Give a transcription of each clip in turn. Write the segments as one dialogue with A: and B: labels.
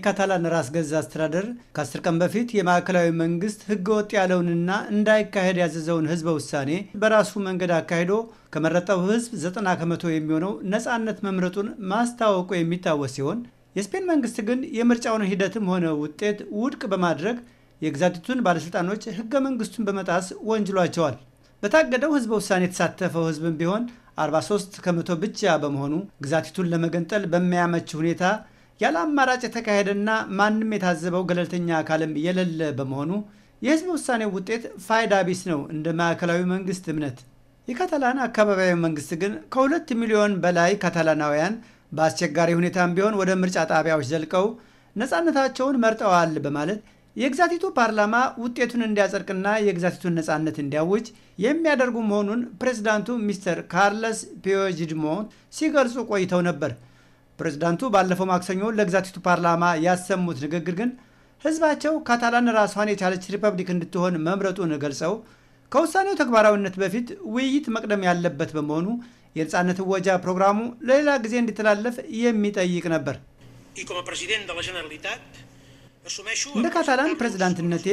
A: የካታላን ራስ ገዝ አስተዳደር ከአስር ቀን በፊት የማዕከላዊ መንግስት ህገወጥ ያለውንና እንዳይካሄድ ያዘዘውን ህዝበ ውሳኔ በራሱ መንገድ አካሂዶ ከመረጠው ህዝብ ዘጠና ከመቶ የሚሆነው ነፃነት መምረጡን ማስታወቁ የሚታወስ ሲሆን የስፔን መንግስት ግን የምርጫውን ሂደትም ሆነ ውጤት ውድቅ በማድረግ የግዛቲቱን ባለሥልጣኖች ህገ መንግስቱን በመጣስ ወንጅሏቸዋል። በታገደው ህዝበ ውሳኔ የተሳተፈው ህዝብም ቢሆን 43 ከመቶ ብቻ በመሆኑ ግዛቲቱን ለመገንጠል በሚያመች ሁኔታ ያለ አማራጭ የተካሄደና ማንም የታዘበው ገለልተኛ አካልም የሌለ በመሆኑ የህዝብ ውሳኔው ውጤት ፋይዳ ቢስ ነው እንደ ማዕከላዊ መንግስት እምነት። የካታላን አካባቢያዊ መንግስት ግን ከሁለት ሚሊዮን በላይ ካታላናውያን በአስቸጋሪ ሁኔታም ቢሆን ወደ ምርጫ ጣቢያዎች ዘልቀው ነፃነታቸውን መርጠዋል በማለት የግዛቲቱ ፓርላማ ውጤቱን እንዲያጸድቅና የግዛቲቱን ነፃነት እንዲያውጅ የሚያደርጉ መሆኑን ፕሬዚዳንቱ ሚስተር ካርለስ ፒዮጅድሞንት ሲገልጹ ቆይተው ነበር። ፕሬዝዳንቱ ባለፈው ማክሰኞ ለግዛቲቱ ፓርላማ ያሰሙት ንግግር ግን ህዝባቸው ካታላን ራሷን የቻለች ሪፐብሊክ እንድትሆን መምረጡን ገልጸው ከውሳኔው ተግባራዊነት በፊት ውይይት መቅደም ያለበት በመሆኑ የነፃነት እወጃ ፕሮግራሙ ለሌላ ጊዜ እንዲተላለፍ የሚጠይቅ ነበር። እንደ ካታላን ፕሬዚዳንትነቴ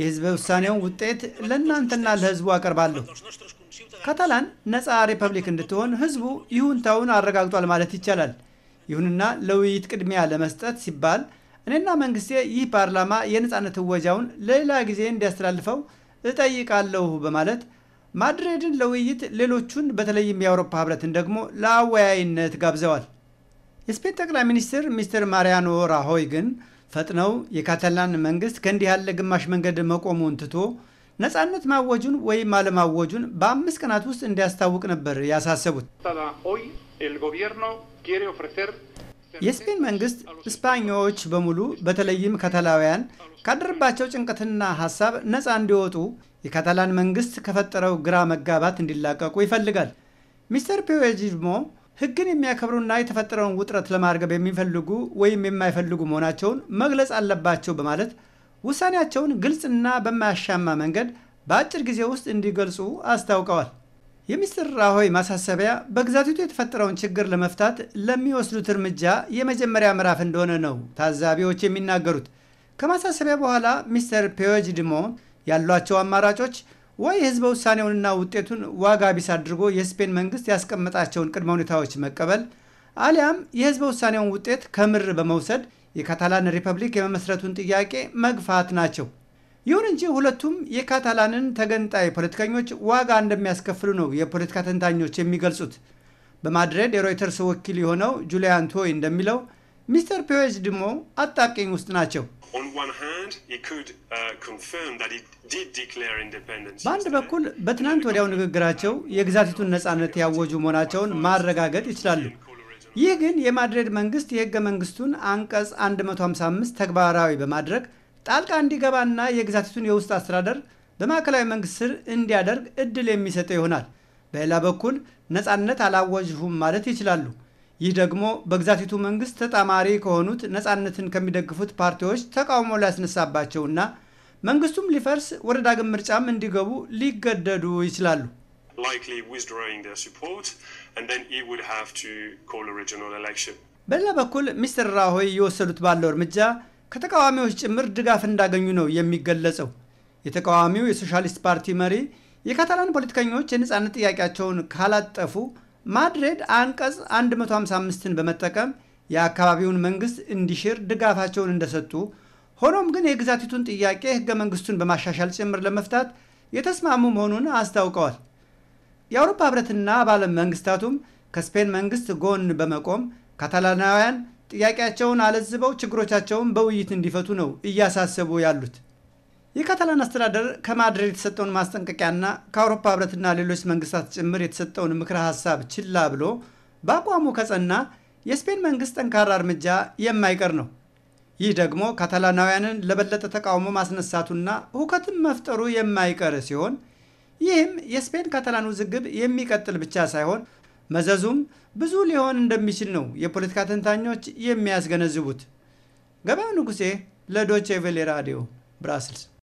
A: የህዝበ ውሳኔውን ውጤት ለእናንተና ለህዝቡ አቀርባለሁ። ካታላን ነፃ ሪፐብሊክ እንድትሆን ህዝቡ ይሁንታውን አረጋግጧል ማለት ይቻላል። ይሁንና ለውይይት ቅድሚያ ለመስጠት ሲባል እኔና መንግስቴ ይህ ፓርላማ የነፃነት እወጃውን ለሌላ ጊዜ እንዲያስተላልፈው እጠይቃለሁ በማለት ማድሬድን ለውይይት ሌሎቹን በተለይም የአውሮፓ ህብረትን ደግሞ ለአወያይነት ጋብዘዋል። የስፔን ጠቅላይ ሚኒስትር ሚስተር ማሪያኖ ራሆይ ግን ፈጥነው የካታላን መንግስት ከእንዲህ ያለ ግማሽ መንገድ መቆሙን ትቶ ነፃነት ማወጁን ወይም አለማወጁን በአምስት ቀናት ውስጥ እንዲያስታውቅ ነበር ያሳሰቡት። የስፔን መንግስት እስፓኞች በሙሉ በተለይም ካታላውያን ካደረባቸው ጭንቀትና ሀሳብ ነፃ እንዲወጡ የካታላን መንግስት ከፈጠረው ግራ መጋባት እንዲላቀቁ ይፈልጋል። ሚስተር ደግሞ ህግን የሚያከብሩና የተፈጠረውን ውጥረት ለማርገብ የሚፈልጉ ወይም የማይፈልጉ መሆናቸውን መግለጽ አለባቸው በማለት ውሳኔያቸውን ግልጽና በማያሻማ መንገድ በአጭር ጊዜ ውስጥ እንዲገልጹ አስታውቀዋል። የሚኒስትር ራሆይ ማሳሰቢያ በግዛቲቱ የተፈጠረውን ችግር ለመፍታት ለሚወስዱት እርምጃ የመጀመሪያ ምዕራፍ እንደሆነ ነው ታዛቢዎች የሚናገሩት። ከማሳሰቢያ በኋላ ሚስተር ፔዎጅ ድሞ ያሏቸው አማራጮች ወይ ህዝበ ውሳኔውንና ውጤቱን ዋጋ ቢስ አድርጎ የስፔን መንግስት ያስቀመጣቸውን ቅድመ ሁኔታዎች መቀበል፣ አሊያም የህዝበ ውሳኔውን ውጤት ከምር በመውሰድ የካታላን ሪፐብሊክ የመመስረቱን ጥያቄ መግፋት ናቸው። ይሁን እንጂ ሁለቱም የካታላንን ተገንጣይ ፖለቲከኞች ዋጋ እንደሚያስከፍሉ ነው የፖለቲካ ተንታኞች የሚገልጹት። በማድሬድ የሮይተርስ ወኪል የሆነው ጁሊያን ቶይ እንደሚለው ሚስተር ፔዌዝ ድሞ አጣቂኝ ውስጥ ናቸው። uh, በአንድ በኩል በትናንት ወዲያው ንግግራቸው የግዛቲቱን ነፃነት ያወጁ መሆናቸውን ማረጋገጥ ይችላሉ። ይህ ግን የማድሬድ መንግስት የህገ መንግስቱን አንቀጽ 155 ተግባራዊ በማድረግ ጣልቃ እንዲገባና የግዛቲቱን የውስጥ አስተዳደር በማዕከላዊ መንግስት ስር እንዲያደርግ እድል የሚሰጠው ይሆናል። በሌላ በኩል ነፃነት አላወጅሁም ማለት ይችላሉ። ይህ ደግሞ በግዛቲቱ መንግስት ተጣማሪ ከሆኑት ነፃነትን ከሚደግፉት ፓርቲዎች ተቃውሞ ሊያስነሳባቸውና መንግስቱም ሊፈርስ ወደ ዳግም ምርጫም እንዲገቡ ሊገደዱ ይችላሉ። በሌላ በኩል ሚስተር ራሆይ የወሰዱት ባለው እርምጃ ከተቃዋሚዎች ጭምር ድጋፍ እንዳገኙ ነው የሚገለጸው። የተቃዋሚው የሶሻሊስት ፓርቲ መሪ የካታላን ፖለቲከኞች የነፃነት ጥያቄያቸውን ካላጠፉ ማድሪድ አንቀጽ 155ን በመጠቀም የአካባቢውን መንግስት እንዲሽር ድጋፋቸውን እንደሰጡ፣ ሆኖም ግን የግዛቲቱን ጥያቄ ህገ መንግስቱን በማሻሻል ጭምር ለመፍታት የተስማሙ መሆኑን አስታውቀዋል። የአውሮፓ ህብረትና አባል መንግስታቱም ከስፔን መንግስት ጎን በመቆም ካታላናውያን ጥያቄያቸውን አለዝበው ችግሮቻቸውን በውይይት እንዲፈቱ ነው እያሳሰቡ ያሉት። የካታላን አስተዳደር ከማድሪድ የተሰጠውን ማስጠንቀቂያና ከአውሮፓ ህብረትና ሌሎች መንግስታት ጭምር የተሰጠውን ምክረ ሀሳብ ችላ ብሎ በአቋሙ ከጸና የስፔን መንግስት ጠንካራ እርምጃ የማይቀር ነው። ይህ ደግሞ ካታላናውያንን ለበለጠ ተቃውሞ ማስነሳቱና ሁከትም መፍጠሩ የማይቀር ሲሆን ይህም የስፔን ካታላን ውዝግብ የሚቀጥል ብቻ ሳይሆን መዘዙም ብዙ ሊሆን እንደሚችል ነው የፖለቲካ ተንታኞች የሚያስገነዝቡት። ገበያው ንጉሴ ለዶቼቬሌ ራዲዮ ብራስልስ